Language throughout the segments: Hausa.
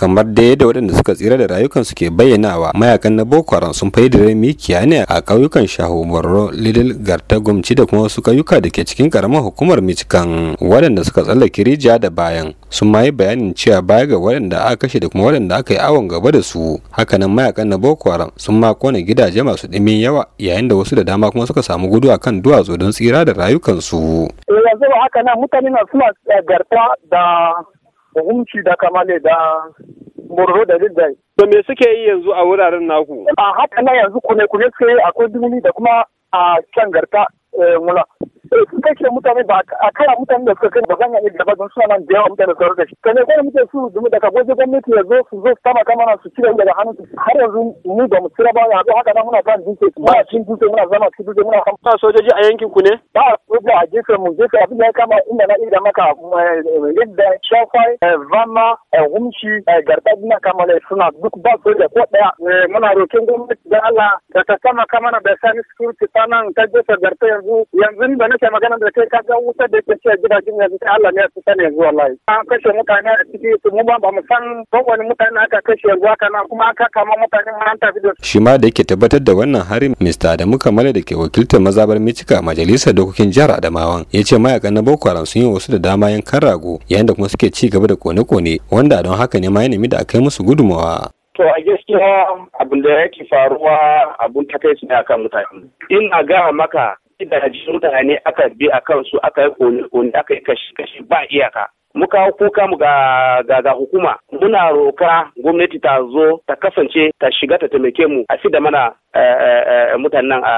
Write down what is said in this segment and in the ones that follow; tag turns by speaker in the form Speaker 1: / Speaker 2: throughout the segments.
Speaker 1: kamar da yadda waɗanda suka tsira da rayukansu ke bayyanawa mayakan na boko haram sun fai da mikiya ne a ƙauyukan shahu borno garta gumci da kuma wasu ƙauyuka da ke cikin ƙaramar hukumar michigan waɗanda suka tsallake rijiya da bayan sun ma yi bayanin cewa baya ga waɗanda aka kashe da kuma waɗanda aka yi awon gaba da su hakanan mayakan na boko haram sun ma kone gidaje masu ɗimin yawa yayin da wasu da dama kuma suka samu gudu a kan duwatsu don tsira da rayukansu.
Speaker 2: Eh, yanzu haka nan mutane na suna eh, garta da da da kamale da borno da rigai to me suke yi yanzu a wuraren naku a haka na yanzu kune kune suke yi akwai dumuni da kuma a can garta eh, mula su kashe mutane ba a kara mutane da suka kai ba zan yi gaba don suna nan da yawa mutane su rarrashi ka ne kuma muke su dumi daga gwaji gwamnati ya zo su zo su kama kama su cire daga hannun su har yanzu mu ba mu cire ba yanzu haka nan muna kan dutse a cin dutse muna zama cikin dutse muna kan ba sojoji a yankin ku ne ba ba a gefe mu gefe abin da ya kama inda na ida maka eh, yadda shafai eh, vama humshi eh, garbaɗi na kama ne suna duk ba soja ko muna gwamnati da Allah da ta kama kama da sani ta nan ta gefe garta yanzu yanzu da na kace magana da kai kaga wutar da ke cewa gidajen yanzu sai Allah ne su sani zuwa wallahi an kashe mutane a ciki su mu ba mu san kowane mutane aka kashe yanzu haka nan kuma aka kama mutane ma an tafi
Speaker 1: da shi ma da yake tabbatar da wannan harin Mr. Adamu Kamale da ke wakiltar mazabar Micika majalisar dokokin jihar Adamawa. ya ce mayakan na Boko Haram sun yi wasu da dama yankan rago yayin da kuma suke ci gaba da kone-kone wanda don haka ne ma ya nemi da a kai musu gudumawa.
Speaker 3: To a gaskiya abin da yake faruwa abun takaici ne akan mutane. Ina ga maka gidaje mutane aka bi a kansu aka yi kone-kone aka yi kashi-kashi ba iyaka. mu kawo kuka mu ga, ga, hukuma muna roka gwamnati ta zo ta kasance ta shiga ta taimake mu a da mana eh, eh, eh, mutanen a,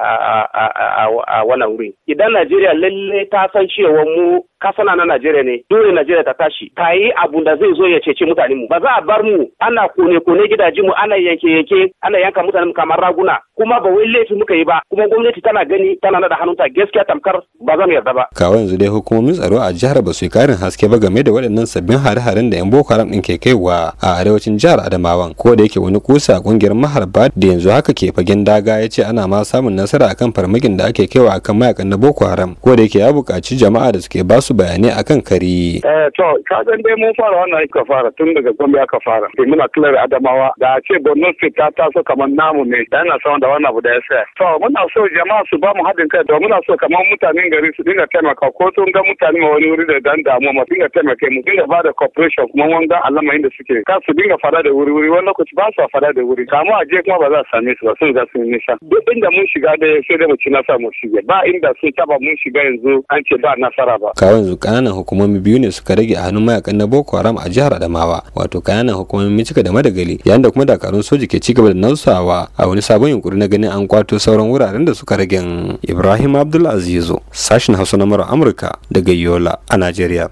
Speaker 3: a, wannan wuri idan najeriya lalle ta san cewa mu kasana na Najeriya ne dole Najeriya ta tashi ta yi abu da zai zo ya cece mutane mu ba za a bar mu ana kone kone gidaje mu ana yanke yanke ana yanka mutane mu kamar raguna kuma ba wai laifi muka yi ba kuma gwamnati tana gani tana nada hannunta gaskiya tamkar ba za mu yarda ba
Speaker 1: kawo yanzu dai hukumomin tsaro a jihar ba su karin haske ba game da waɗannan sabbin hare-haren da yan Boko Haram din ke wa? a arewacin jihar adamawa ko da yake wani kusa kungiyar maharba da yanzu haka ke fagen daga ya ce ana ma samun nasara akan farmakin da ake kaiwa akan mayakan na Boko Haram ko da yake ya buƙaci jama'a da suke basu wasu bayanai akan kare.
Speaker 4: Eh, to ka san dai mun fara wannan aiki fara tun daga gombe aka fara sai eh, muna kilar adamawa da a ce borno state ta taso kamar namu ne da yana sama da wannan abu da ya saya. to muna so jama'a su ba mu haɗin kai da muna so kamar mutanen gari su dinga taimaka ko sun ga mutane ma wani wuri da dan damu ma dinga taimaka mu dinga ba da cooperation kuma wanga alama inda suke ka su dinga fada da wuri wuri wani lokaci ba su fada da wuri kamu a je kuma ba za a same su ba sun ga sun nisa duk inda mun shiga da sai da mu ci nasa mu shige ba inda sun taba mun shiga yanzu an ce ba nasara ba.
Speaker 1: kawai yanzu kananan hukumomi biyu ne suka rage a hannun mayakan na boko haram a jihar adamawa wato kananan hukumomin mincika da madagali yayin da kuma dakarun soji ke cigaba da nausawa a wani sabon yunkuri na ganin an kwato sauran wuraren da suka rage ibrahim abdul sashen sashin hausa na amurka daga yola a najeriya